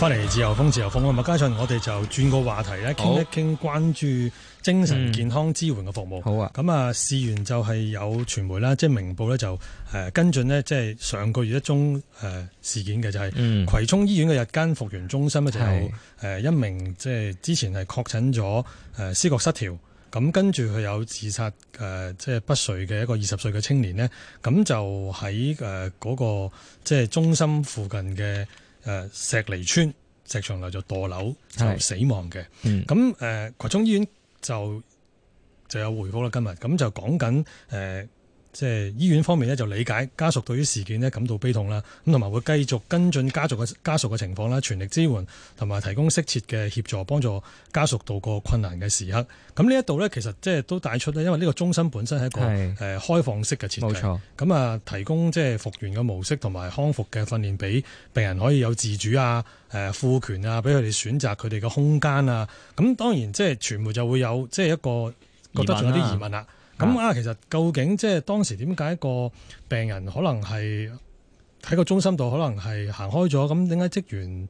翻嚟自由風，自由風啊！咁加上我哋就轉個話題咧，傾一傾關注精神健康支援嘅服務，嗯。好啊！咁啊，事源就係有傳媒啦，即、就、係、是、明報咧，就、呃、誒跟進呢。即、就、係、是、上個月一宗誒、呃、事件嘅就係、是嗯、葵涌醫院嘅日間復元中心咧，就是、有誒一名即係、就是、之前係確診咗誒、呃、思覺失調，咁跟住佢有自殺誒即係不遂嘅一個二十歲嘅青年呢，咁就喺誒嗰個即係、就是、中心附近嘅。誒石梨村石長樓就墮樓就死亡嘅，咁、嗯、誒、呃、葵涌醫院就就有回覆啦今日，咁就講緊誒。即係醫院方面呢就理解家屬對於事件感到悲痛啦，咁同埋會繼續跟進家屬嘅家屬嘅情況啦，全力支援同埋提供適切嘅協助，幫助家屬度過困難嘅時刻。咁呢一度呢，其實即係都帶出呢，因為呢個中心本身係一個誒開放式嘅設計，咁啊提供即係復原嘅模式同埋康復嘅訓練，俾病人可以有自主啊、誒賦權啊，俾佢哋選擇佢哋嘅空間啊。咁當然即係傳媒就會有即係一個覺得仲有啲疑問啦。咁啊，其實究竟即係當時點解個病人可能係喺個中心度可能係行開咗？咁點解職員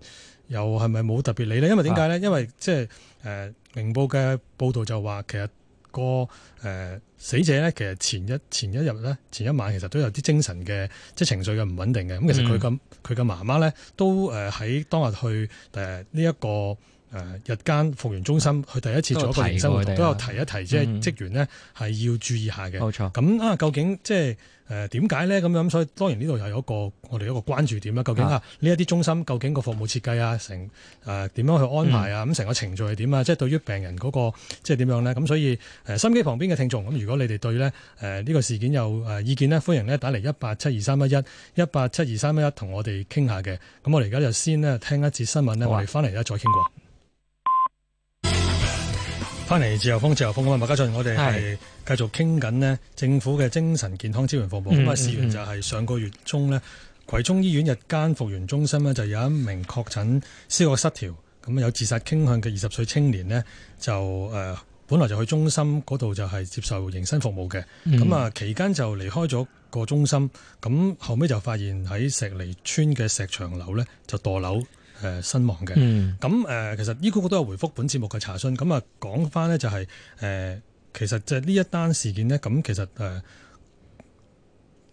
又係咪冇特別理呢？因為點解呢、啊？因為即係誒明報嘅報道就話其實、嗰個誒、呃、死者呢，其實前一前一日呢，前一晚其實都有啲精神嘅即係情緒嘅唔穩定嘅。咁、嗯、其實佢咁佢嘅媽媽呢，都誒喺當日去誒呢一個，誒日間復元中心，去第一次做一個研究，都有提一提，即、嗯、係職員呢係要注意一下嘅。冇錯咁啊，究竟即係誒點解咧？咁、呃、樣所以當然呢度又有一個我哋一個關注點啦。究竟啊呢一啲中心究竟個服務設計啊，成誒點樣去安排啊？咁、嗯、成個程序係點啊？即係對於病人嗰、那個即係點樣咧？咁所以誒、呃、心機旁邊嘅聽眾，咁如果你哋對咧誒呢個事件有誒意見呢，歡迎呢打嚟一八七二三一一一八七二三一一同我哋傾下嘅。咁我哋而家就先咧聽一節新聞呢，我哋翻嚟咧再傾過。翻嚟自由風，自由風啊！麥家俊，我哋係繼續傾緊咧政府嘅精神健康支援服務。咁啊，事緣就係上個月中呢、嗯嗯、葵涌醫院日間復元中心呢，就有一名確診思覺失調、咁有自殺傾向嘅二十歲青年呢，就、呃、誒本來就去中心嗰度就係接受迎生服務嘅。咁、嗯、啊、嗯、期間就離開咗個中心，咁後尾就發現喺石梨村嘅石牆樓呢，就墮樓。誒、呃、身亡嘅，咁、嗯、誒、呃、其實醫管局都有回覆本節目嘅查詢，咁啊講翻呢，就係誒其實即係呢一單事件呢。咁其實誒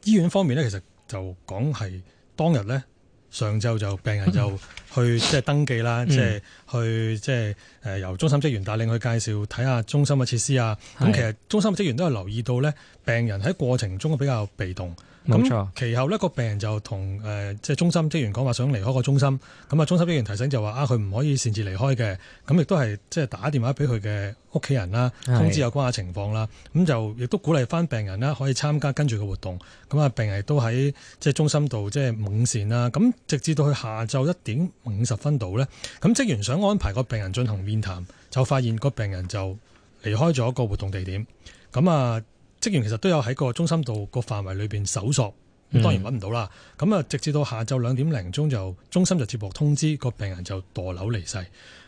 醫院方面呢，其實就講係當日呢，上晝就病人就去即係登記啦，即、嗯、係、就是、去即係誒由中心職員帶領去介紹睇下中心嘅設施啊。咁其實中心嘅職員都有留意到呢，病人喺過程中比較被動。咁，其後呢個病人就同誒即係中心職員講話，想離開個中心。咁啊，中心職員提醒就話啊，佢唔可以擅自離開嘅。咁亦都係即係打電話俾佢嘅屋企人啦，通知有關嘅情況啦。咁就亦都鼓勵翻病人啦，可以參加跟住嘅活動。咁啊，病人都喺即係中心度即係午膳啦。咁直至到佢下晝一點五十分度呢，咁職員想安排個病人進行面談，就發現個病人就離開咗個活動地點。咁啊～職員其實都有喺個中心度個範圍裏邊搜索，當然揾唔到啦。咁、嗯、啊，直至到下晝兩點零鐘就中心就接獲通知，個病人就墮樓離世。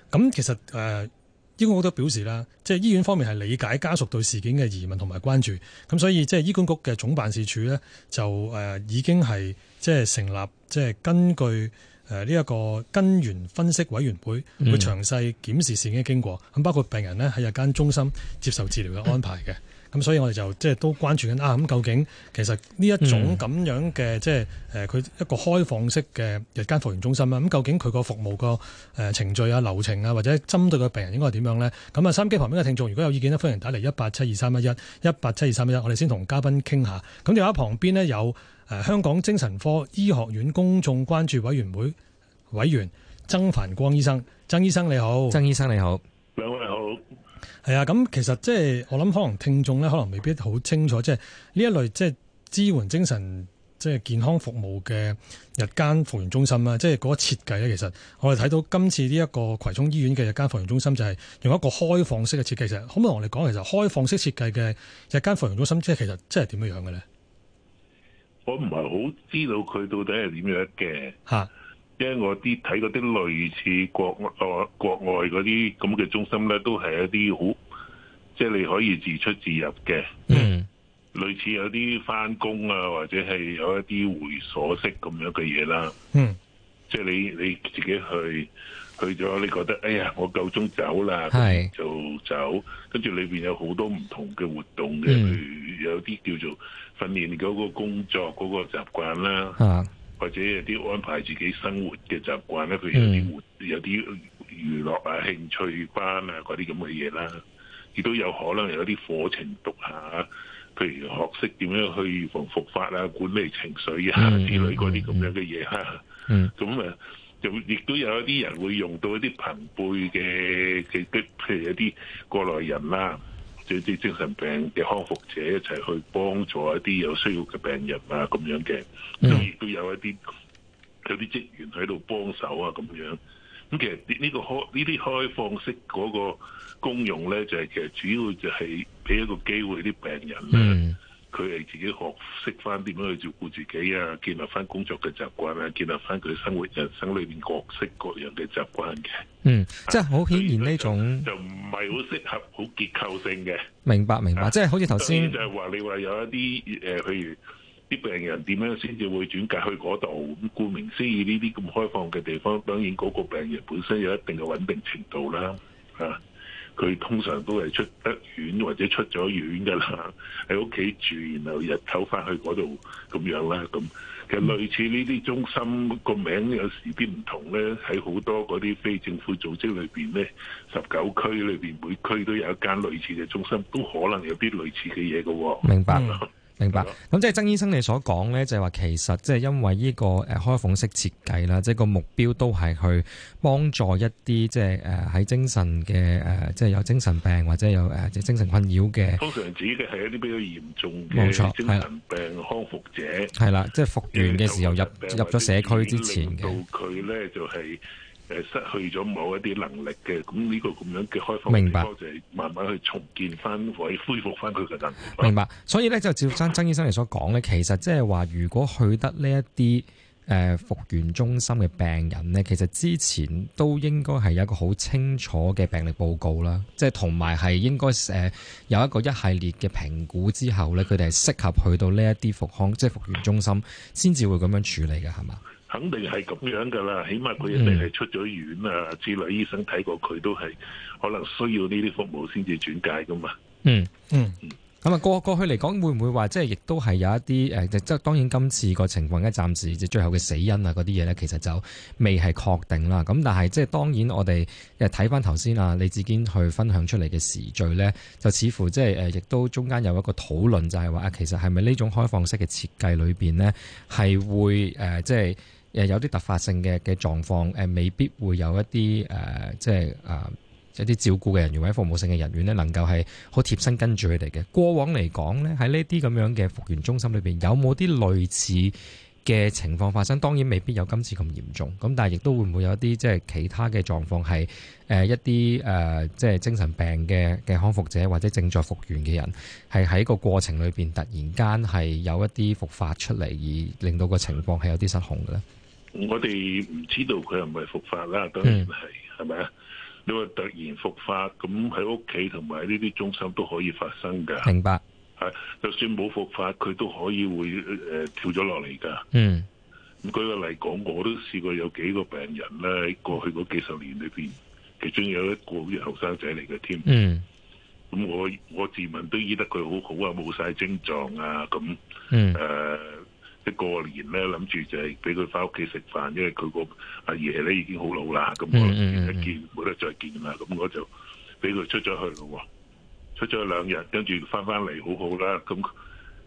咁其實誒、呃、醫管局都表示啦，即係醫院方面係理解家屬對事件嘅疑問同埋關注。咁所以即係醫管局嘅總辦事處呢，就、呃、誒已經係即係成立即係根據誒呢一個根源分析委員會，會詳細檢視事件嘅經過，咁包括病人呢，喺日間中心接受治療嘅安排嘅。嗯咁所以我哋就即係都關注緊啊！咁究竟其實呢一種咁樣嘅即係誒佢一個開放式嘅日間復元中心啦。咁、嗯、究竟佢個服務個誒程序啊、流程啊，或者針對個病人應該係點樣咧？咁、嗯、啊，三機旁邊嘅聽眾如果有意見呢，歡迎打嚟，一八七二三一一一八七二三一一。我哋先同嘉賓傾下。咁電話旁邊咧有誒、呃、香港精神科醫學院公眾關注委員會委員曾繁光醫生。曾醫生你好。曾醫生你好。兩位好。係啊，咁其實即係我諗，可能聽眾咧，可能未必好清楚，即係呢一類即係支援精神即係健康服務嘅日間復元中心啦。即係嗰個設計咧，其實我哋睇到今次呢一個葵涌醫院嘅日間復元中心就係用一個開放式嘅設計。其實可唔可以同我哋講，其實開放式設計嘅日間復元中心，即係其實即係點樣樣嘅咧？我唔係好知道佢到底係點樣嘅吓。啊因為我啲睇嗰啲類似國外國外嗰啲咁嘅中心咧，都係一啲好，即係你可以自出自入嘅。嗯，類似有啲翻工啊，或者係有一啲會所式咁樣嘅嘢啦。嗯，即係你你自己去去咗，你覺得哎呀，我夠鐘走啦，就走。跟住裏邊有好多唔同嘅活動嘅，嗯，譬如有啲叫做訓練嗰個工作嗰個習慣啦。啊。或者有啲安排自己生活嘅習慣咧，佢有啲活，有啲娛樂啊、興趣班啊，嗰啲咁嘅嘢啦，亦都有可能有啲課程讀下，譬如學識點樣去預防復發啊、管理情緒啊之類嗰啲咁樣嘅嘢吓。嗯。咁啊，就亦都有一啲人會用到一啲朋輩嘅嘅嘅，譬如一啲過來人啦。一啲精神病嘅康復者一齊去幫助一啲有需要嘅病人啊，咁樣嘅咁亦都有一啲有啲職員喺度幫手啊，咁樣咁其實呢個開呢啲開放式嗰個功用咧，就係其實主要就係俾一個機會啲病人咧。嗯佢係自己學識翻點樣去照顧自己啊，建立翻工作嘅習慣啊，建立翻佢生活人生裏面各式各樣嘅習慣嘅。嗯，即係好顯然呢種、啊、就唔係好適合好結構性嘅。明白明白，啊、即係好似頭先就係話你話有一啲誒，譬如啲病人點樣先至會轉介去嗰度？咁顧名思義，呢啲咁開放嘅地方，當然嗰個病人本身有一定嘅穩定程度啦。啊！佢通常都係出得院或者出咗院噶啦，喺屋企住，然後日頭翻去嗰度咁樣啦。咁其實類似呢啲中心個名有時啲唔同咧，喺好多嗰啲非政府組織裏邊咧，十九區裏邊每區都有一間類似嘅中心，都可能有啲類似嘅嘢嘅。明白啦。嗯明白。咁即係曾醫生你所講咧，就係話其實即係因為呢個誒開放式設計啦，即係個目標都係去幫助一啲即係誒喺精神嘅即係有精神病或者有即精神困擾嘅。通常指嘅係一啲比較嚴重嘅精神病康復者。係啦，即係復原嘅時候入入咗社區之前嘅。佢咧就係。誒，失去咗某一啲能力嘅，咁、這、呢個咁樣嘅開放的，明白，就是，慢慢去重建翻或，恢復翻佢嘅人。明白，所以咧就照曾，照生曾醫生嚟所講咧， 其實即係話，如果去得呢一啲誒復原中心嘅病人咧，其實之前都應該係有一個好清楚嘅病歷報告啦，即係同埋係應該誒、呃、有一個一系列嘅評估之後咧，佢哋係適合去到呢一啲復康，即係復原中心，先至會咁樣處理嘅，係嘛？肯定係咁樣噶啦，起碼佢一定係出咗院啊之類，嗯、醫生睇過佢都係可能需要呢啲服務先至轉介噶嘛。嗯嗯。咁、嗯、啊，過過去嚟講，會唔會話即係亦都係有一啲誒，即係當然今次個情況咧，暫時即最後嘅死因啊嗰啲嘢咧，其實就未係確定啦。咁但係即係當然我哋誒睇翻頭先啊，林志釉去分享出嚟嘅時序咧，就似乎即係誒，亦都中間有一個討論，就係話啊，其實係咪呢種開放式嘅設計裏邊呢，係會誒即係。呃就是誒有啲突發性嘅嘅狀況，誒、呃、未必會有一啲誒、呃，即係啊、呃、一啲照顧嘅人員或者服務性嘅人員咧，能夠係好貼身跟住佢哋嘅。過往嚟講呢，喺呢啲咁樣嘅復原中心裏邊，有冇啲類似嘅情況發生？當然未必有今次咁嚴重，咁但係亦都會唔會有一啲即係其他嘅狀況係誒一啲誒、呃、即係精神病嘅嘅康復者或者正在復原嘅人，係喺個過程裏邊突然間係有一啲復發出嚟，而令到個情況係有啲失控嘅呢？ 我哋唔知道佢係唔係復發啦，當然係，係咪啊？你話突然復發，咁喺屋企同埋呢啲中心都可以發生㗎。明白，係就算冇復發，佢都可以會誒、呃、跳咗落嚟㗎。嗯，咁舉個例講，我都試過有幾個病人咧，喺過去嗰幾十年裏邊，其中有一個好似後生仔嚟嘅添。嗯，咁我我自問都醫得佢好好啊，冇晒症狀啊，咁，嗯，誒、呃。一過年咧，諗住就係俾佢翻屋企食飯，因為佢個阿爺咧已經好老啦，咁冇得見，冇得再見啦，咁、嗯、我就俾佢出咗去咯。出咗兩日，跟住翻翻嚟好好啦。咁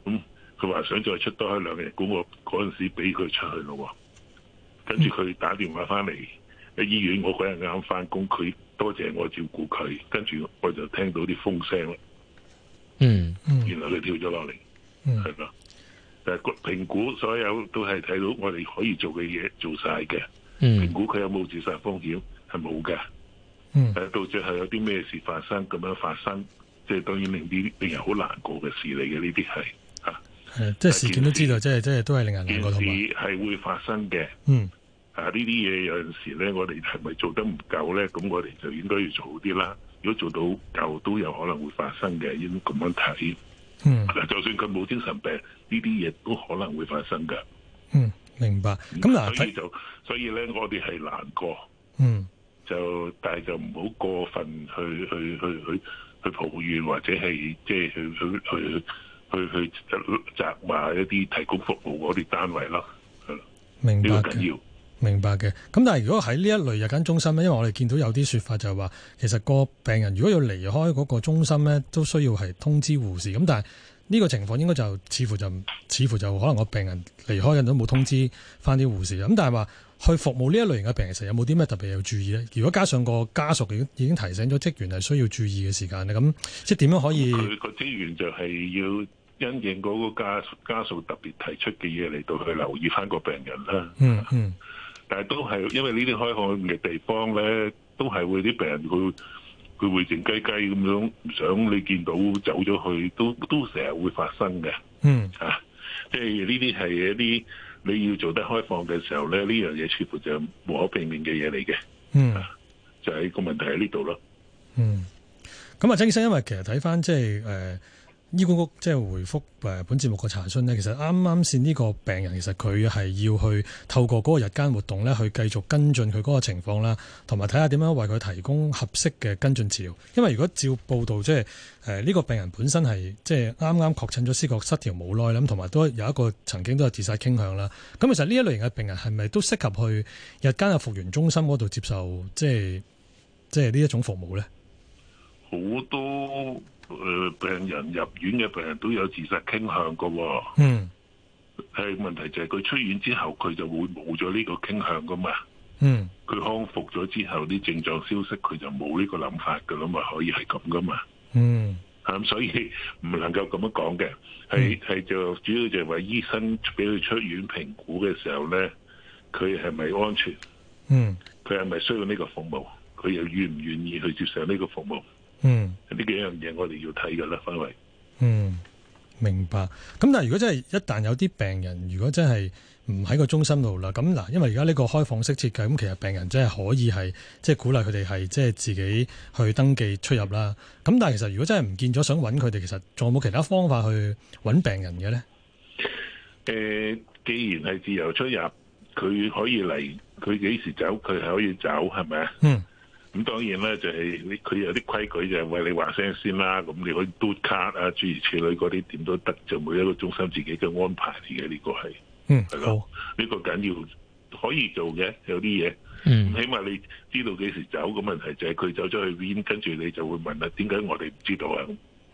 咁佢話想再出多兩日，咁我嗰陣時俾佢出去咯。跟住佢打電話翻嚟喺醫院我嗰日啱翻工，佢多謝我照顧佢，跟住我就聽到啲風聲啦，嗯、原、嗯、來佢跳咗落嚟，係、嗯誒，評估所有都係睇到我哋可以做嘅嘢做晒嘅、嗯，評估佢有冇自殺風險係冇嘅，誒、嗯，到最後有啲咩事發生咁樣發生，即係當然令啲令人好難過嘅事嚟嘅，呢啲係吓，即係事件都知道，即係即係都係令人。件事係會發生嘅，嗯，啊，呢啲嘢有陣時咧，我哋係咪做得唔夠咧？咁我哋就應該要做好啲啦。如果做到夠都有可能會發生嘅，應該咁樣睇。嗯，就算佢冇精神病，呢啲嘢都可能會發生噶。嗯，明白。咁嗱，所以就所以咧，我哋係難過。嗯，就但係就唔好過分去去去去去抱怨，或者係即係去去去去去責罵一啲提供服務嗰啲單位囉。明白。呢個緊要。明白嘅，咁但係如果喺呢一類日間中心咧，因為我哋見到有啲說法就係話，其實個病人如果要離開嗰個中心咧，都需要係通知護士。咁但係呢個情況應該就似乎就似乎就可能個病人離開都冇通知翻啲護士。咁但係話去服務呢一類型嘅病人，其實有冇啲咩特別要注意咧？如果加上個家屬已經提醒咗職員係需要注意嘅時間咧，咁即係點樣可以？佢個職員就係要因應嗰個家屬家屬特別提出嘅嘢嚟到去留意翻個病人啦。嗯嗯。但係都係，因為呢啲開放嘅地方咧，都係會啲病人佢佢會靜雞雞咁樣，唔想你見到走咗去，都都成日會發生嘅。嗯，吓、啊，即係呢啲係一啲你要做得開放嘅時候咧，呢樣嘢似乎就無可避免嘅嘢嚟嘅。嗯，啊、就係、是、個問題喺呢度咯。嗯，咁啊，曾醫生，因為其實睇翻即係誒。呃醫管局即係回覆誒本節目個查詢呢。其實啱啱先呢個病人，其實佢係要去透過嗰個日間活動呢，去繼續跟進佢嗰個情況啦，同埋睇下點樣為佢提供合適嘅跟進治療。因為如果照報道，即係誒呢個病人本身係即係啱啱確診咗思覺失調冇耐啦，咁同埋都有一個曾經都有自殺傾向啦。咁其實呢一類型嘅病人係咪都適合去日間嘅復原中心嗰度接受即係即係呢一種服務呢，好多。誒，病人入院嘅病人都有自殺傾向噶哦，嗯，係問題就係佢出院之後佢就會冇咗呢個傾向噶嘛，嗯，佢康復咗之後啲症狀消失，佢就冇呢個諗法噶啦嘛，可以係咁噶嘛，嗯，咁所以唔能夠咁樣講嘅，係係就主要就係話醫生俾佢出院評估嘅時候咧，佢係咪安全，嗯，佢係咪需要呢個服務，佢又願唔願意去接受呢個服務。嗯，呢幾樣嘢我哋要睇嘅啦，方偉。嗯，明白。咁但係如果真係一旦有啲病人，如果真係唔喺個中心度啦，咁嗱，因為而家呢個開放式設計，咁其實病人真係可以係，即係鼓勵佢哋係即係自己去登記出入啦。咁但係其實如果真係唔見咗，想揾佢哋，其實仲有冇其他方法去揾病人嘅咧？誒、呃，既然係自由出入，佢可以嚟，佢幾時走，佢係可以走，係咪啊？嗯。咁、嗯嗯、當然咧，就係、是、佢有啲規矩就係、是、為你話聲先啦。咁你可以嘟卡啊，諸如此類嗰啲點都得，就每一個中心自己嘅安排嚟嘅。呢、這個係嗯，係咯，呢、這個緊要可以做嘅，有啲嘢。嗯，起碼你知道幾時走。咁問題就係佢走咗去邊，跟住你就會問啦、啊，點解我哋唔知道啊？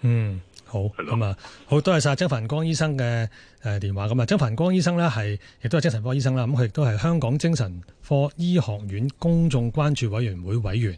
嗯，好，咁啊、嗯，好多謝晒曾繁光醫生嘅誒、呃、電話，咁啊，曾繁光醫生呢，係亦都係精神科醫生啦，咁佢亦都係香港精神科醫學院公眾關注委員會委員，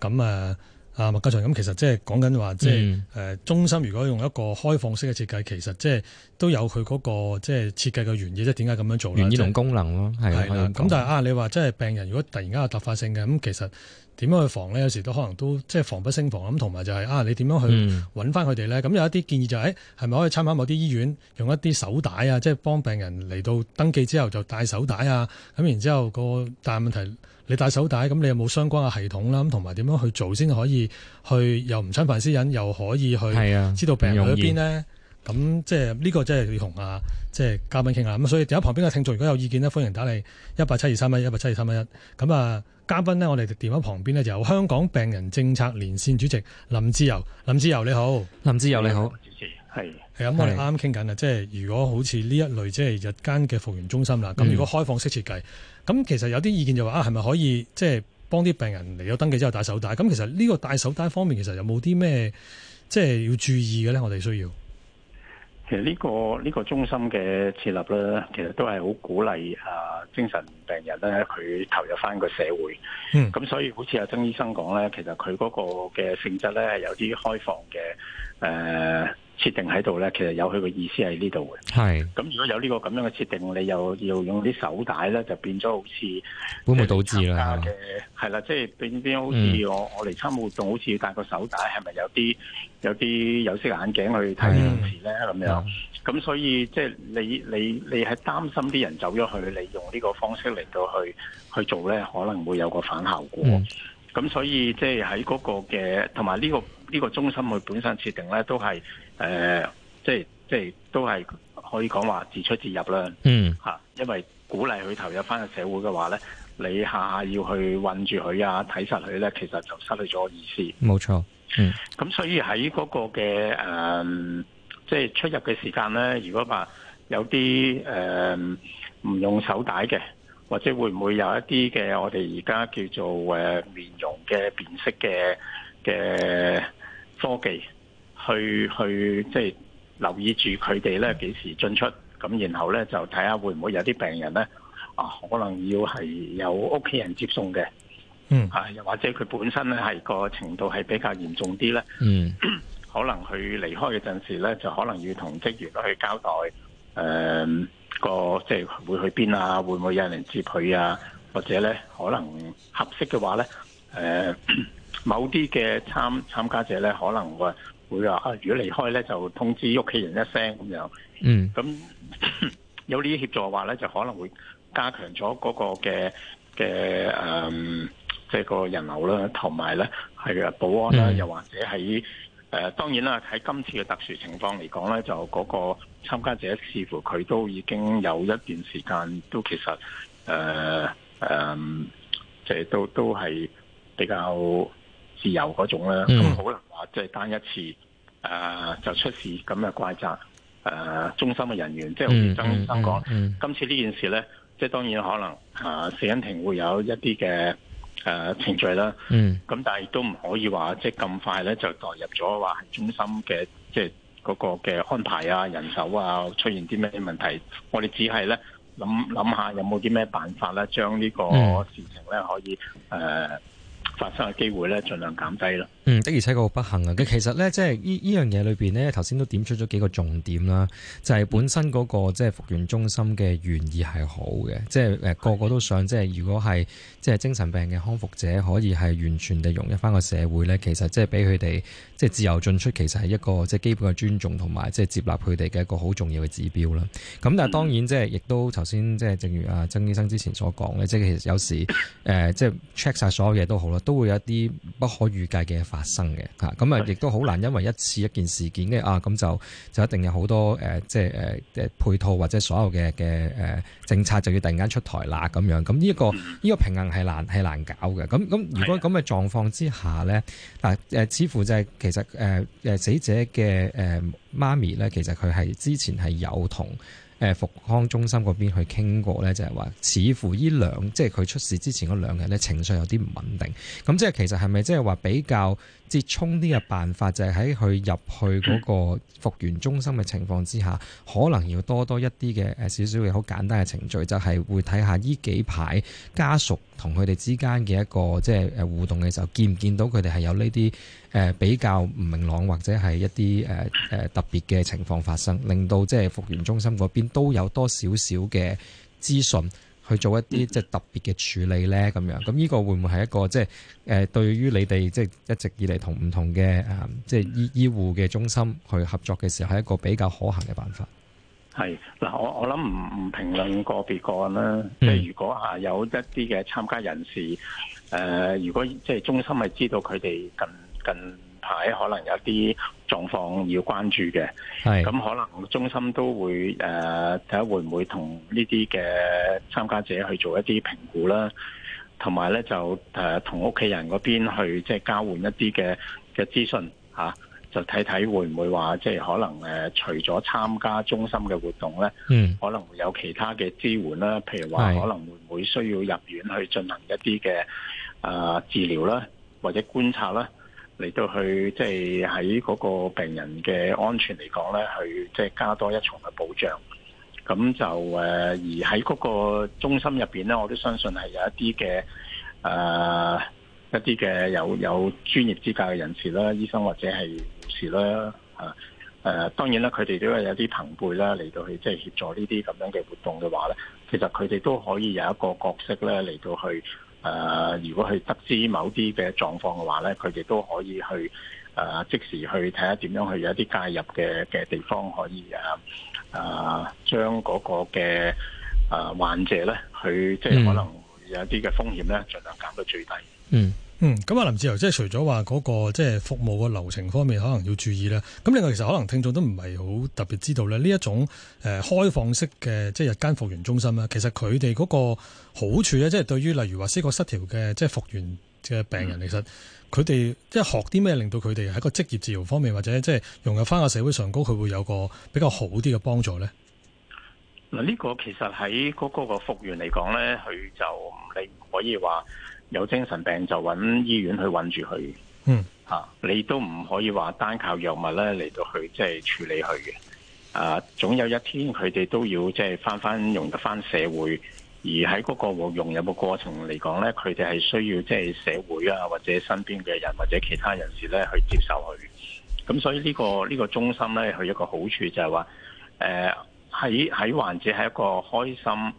咁、嗯、啊。呃啊，麥嘉祥，咁其實即係講緊話，即係誒中心，如果用一個開放式嘅設計，其實即係都有佢嗰個即係設計嘅原意，即係點解咁樣做呢？呢意功能咯，係、就、咁、是、但係啊，你話即係病人如果突然間有突發性嘅，咁其實點樣去防呢？有時都可能都即係、就是、防不勝防咁。同埋就係、是、啊，你點樣去揾翻佢哋咧？咁、嗯、有一啲建議就係、是，係、哎、咪可以參考某啲醫院用一啲手帶啊？即係幫病人嚟到登記之後就戴手帶啊。咁然之後個大係問題。你戴手帶咁，你有冇相關嘅系統啦？咁同埋點樣去做先可以去又唔侵犯私隱，又可以去知道病人去咗邊呢？咁即係呢個真係要同啊即係嘉賓傾下。咁所以電話旁邊嘅聽眾如果有意見呢，歡迎打嚟一八七二三一一八七二三一。咁啊，嘉賓呢，我哋電話旁邊呢就有香港病人政策連線主席林志釉。林志釉你好，林志釉你好。係，係咁，我哋啱啱傾緊啊，即係如果好似呢一類即係日間嘅復原中心啦，咁如果開放式設計，咁、嗯、其實有啲意見就話、是、啊，係咪可以即係幫啲病人嚟咗登記之後戴手帶，咁其實呢個戴手帶方面，其實有冇啲咩即係要注意嘅咧？我哋需要。其實呢、這個呢、這個中心嘅設立咧，其實都係好鼓勵啊，精神病人咧佢投入翻個社會。咁、嗯、所以好似阿曾醫生講咧，其實佢嗰個嘅性質咧係有啲開放嘅誒。呃嗯設定喺度咧，其實有佢個意思喺呢度嘅。係咁，如果有呢個咁樣嘅設定，你又要用啲手帶咧，就是、變咗好似會唔會導致啦嘅？係、嗯、啦，即係變變好似我我嚟參與活動，好似要戴個手帶，係咪有啲有啲有色眼鏡去睇呢件事咧咁樣？咁所以即係你你你係擔心啲人走咗去，你用呢個方式嚟到去去做咧，可能會有個反效果。咁、嗯、所以即係喺嗰個嘅同埋呢個。呢個中心佢本身設定呢都係誒，即係即係都係可以講話自出自入啦。嗯，嚇，因為鼓勵佢投入翻入社會嘅話呢，你下下要去韞住佢啊，睇實佢呢，其實就失去咗意思。冇錯，嗯。咁所以喺嗰個嘅誒，即係出入嘅時間呢，如果話有啲誒唔用手帶嘅，或者會唔會有一啲嘅我哋而家叫做誒面容嘅辨識嘅嘅？科技去去即係留意住佢哋咧幾時進出，咁然後咧就睇下會唔會有啲病人咧啊，可能要係有屋企人接送嘅。嗯啊，又或者佢本身咧係個程度係比較嚴重啲咧，嗯，啊、呢嗯可能佢離開嘅陣時咧，就可能要同職員去交代，誒、呃、個即係會去邊啊，會唔會有人接佢啊，或者咧可能合適嘅話咧，誒、呃。某啲嘅參參加者咧，可能會會話啊，如果離開咧，就通知屋企人一聲咁樣。嗯。咁、mm. 有呢啲協助嘅話咧，就可能會加強咗嗰個嘅嘅誒，即係、嗯就是、個人流啦，同埋咧係嘅保安啦，mm. 又或者喺誒、呃、當然啦，喺今次嘅特殊情況嚟講咧，就嗰個參加者似乎佢都已經有一段時間都其實誒誒，即係、呃嗯就是、都都係比較。自由嗰種咧，咁、嗯、可能話即係單一次誒、呃、就出事咁嘅怪責誒、呃、中心嘅人員，即係好似曾生講，今次呢件事咧，即係當然可能啊、呃，死因庭會有一啲嘅誒程序啦。咁、嗯、但係亦都唔可以話即係咁快咧就代入咗話係中心嘅，即係嗰個嘅安排啊、人手啊出現啲咩問題，我哋只係咧諗諗下有冇啲咩辦法咧，將呢個事情咧可以誒。呃發生嘅機會咧，盡量減低啦。嗯，的而且確不幸啊！佢其實咧，即係呢呢樣嘢裏邊呢，頭先都點出咗幾個重點啦，就係、是、本身嗰、那個即係、就是、復原中心嘅原意係好嘅，即係誒個個都想，即、就、係、是、如果係即係精神病嘅康復者可以係完全地融入翻個社會咧，其實即係俾佢哋即係自由進出，其實係一個即係基本嘅尊重同埋即係接納佢哋嘅一個好重要嘅指標啦。咁但係當然即係亦都頭先即係正如阿曾醫生之前所講咧，即係其實有時誒即係 check 晒所有嘢都好啦，都會有一啲不可預計嘅發生嘅嚇，咁啊亦都好難，因為一次一件事件嘅啊，咁就就一定有好多誒、呃，即係誒誒配套或者所有嘅嘅誒政策就要突然間出台啦咁樣，咁呢一個呢、呢個平衡係難係難搞嘅。咁咁如果咁嘅狀況之下咧，嗱、呃、誒，似乎就係其實誒誒、呃、死者嘅誒媽咪咧，其實佢係之前係有同。誒復康中心嗰邊去傾過呢，就係話似乎呢兩，即係佢出事之前嗰兩日呢，情緒有啲唔穩定，咁即係其實係咪即係話比較？接衷啲嘅辦法就係喺佢入去嗰個復原中心嘅情況之下，可能要多多一啲嘅誒少少嘅好簡單嘅程序，就係會睇下呢幾排家屬同佢哋之間嘅一個即係誒互動嘅時候，見唔見到佢哋係有呢啲誒比較唔明朗或者係一啲誒誒特別嘅情況發生，令到即係復原中心嗰邊都有多少少嘅資訊。去做一啲即係特別嘅處理咧，咁樣咁呢個會唔會係一個即係誒，對於你哋即係一直以嚟，同唔同嘅誒即係醫醫護嘅中心去合作嘅時候，係一個比較可行嘅辦法？係嗱，我我諗唔唔評論個別個案啦。即係如果啊有一啲嘅參加人士，誒、嗯呃，如果即係中心係知道佢哋近近。可能有啲狀況要關注嘅，咁可能中心都會誒睇下會唔會同呢啲嘅參加者去做一啲評估啦，同埋咧就誒同屋企人嗰邊去即係交換一啲嘅嘅資訊吓，就睇睇、呃啊、會唔會話即係可能誒、呃、除咗參加中心嘅活動咧、嗯，可能會有其他嘅支援啦，譬如話可能會唔會需要入院去進行一啲嘅誒治療啦，或者觀察啦。嚟到去即係喺嗰個病人嘅安全嚟講咧，去即係加多一重嘅保障。咁就誒，而喺嗰個中心入邊咧，我都相信係有一啲嘅誒，一啲嘅有有專業資格嘅人士啦，醫生或者係護士啦，吓、啊、誒、啊，當然啦，佢哋都係有啲朋輩啦，嚟到去即係協助呢啲咁樣嘅活動嘅話咧，其實佢哋都可以有一個角色咧嚟到去。誒、呃，如果佢得知某啲嘅狀況嘅話咧，佢哋都可以去誒、呃，即時去睇下點樣去有一啲介入嘅嘅地方可以啊、呃、將嗰個嘅啊患者咧，佢、呃、即係可能會有一啲嘅風險咧，盡量減到最低。嗯。嗯。嗯，咁啊，林志釉，即係除咗話嗰個即係服務嘅流程方面，可能要注意啦，咁另外，其實可能聽眾都唔係好特別知道咧。呢一種誒開放式嘅即係日間復元中心咧，其實佢哋嗰個好處咧，即係對於例如話思覺失調嘅即係復元嘅病人，嗯、其實佢哋即係學啲咩令到佢哋喺個職業治療方面或者即係融入翻個社會上高，佢會有個比較好啲嘅幫助咧。嗱，呢個其實喺嗰個個復元嚟講咧，佢就你唔可以話。有精神病就揾醫院去穩住佢。嗯吓，你都唔可以話單靠藥物呢嚟到去即係、就是、處理佢嘅。啊，總有一天佢哋都要即係、就是、翻翻融入翻社會，而喺嗰個融入嘅過程嚟講呢，佢哋係需要即係、就是、社會啊，或者身邊嘅人或者其他人士呢去接受佢，咁所以呢、呢個呢、呢個中心呢，佢一個好處就係話，誒喺喺患者係一個開心。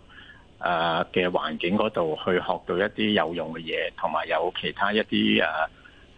誒嘅環境嗰度去學到一啲有用嘅嘢，同埋有其他一啲誒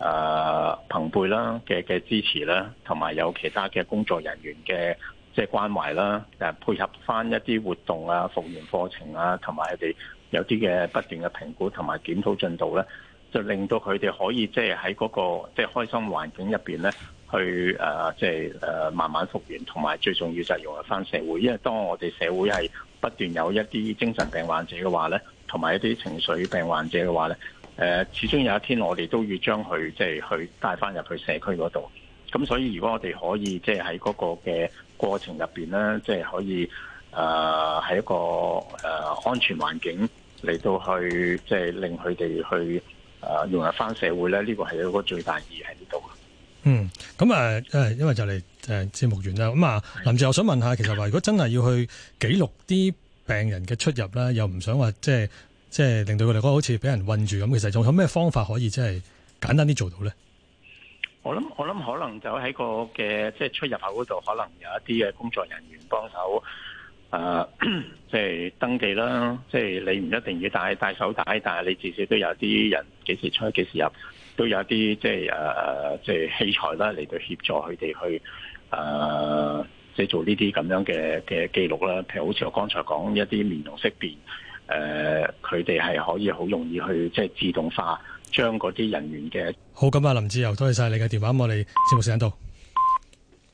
誒朋輩啦嘅嘅支持啦，同埋有其他嘅工作人員嘅即係關懷啦，誒配合翻一啲活動啊、復元課程啊，同埋佢哋有啲嘅不斷嘅評估同埋檢討進度咧，就令到佢哋可以即係喺嗰個即係、即係、開心環境入邊咧，去誒即係誒慢慢復元，同埋最重要就係融入翻社會，因為當我哋社會係。不斷有一啲精神病患者嘅話咧，同埋一啲情緒病患者嘅話咧，誒，始終有一天我哋都要將佢即係去帶翻入去社區嗰度。咁所以如果我哋可以即係喺嗰個嘅過程入邊咧，即係可以誒喺一個誒安全環境嚟到去即係令佢哋去誒融入翻社會咧，呢個係一個最大意義喺呢度。嗯，咁啊誒，因為就嚟。誒節目完啦咁啊！林志我想問下，其實話如果真係要去記錄啲病人嘅出入啦，又唔想話即係即係令到佢哋覺得好似俾人困住咁，其實仲有咩方法可以即係簡單啲做到咧？我諗我諗可能就喺、個嘅即係出入口嗰度，可能有一啲嘅工作人員幫手啊，即、呃、係、即係、登記啦。即、就、係、係、你唔一定要戴戴手帶，但係你至少都有啲人幾時出幾時入，都有啲即係誒即係器材啦嚟到協助佢哋去。誒、呃，即、就、係、是、做呢啲咁樣嘅嘅記錄啦。譬如好似我剛才講一啲面容識別，誒、呃，佢哋係可以好容易去即係、就是、自動化將嗰啲人員嘅。好，咁啊，林志釉，多謝晒你嘅電話，我哋節目時間到。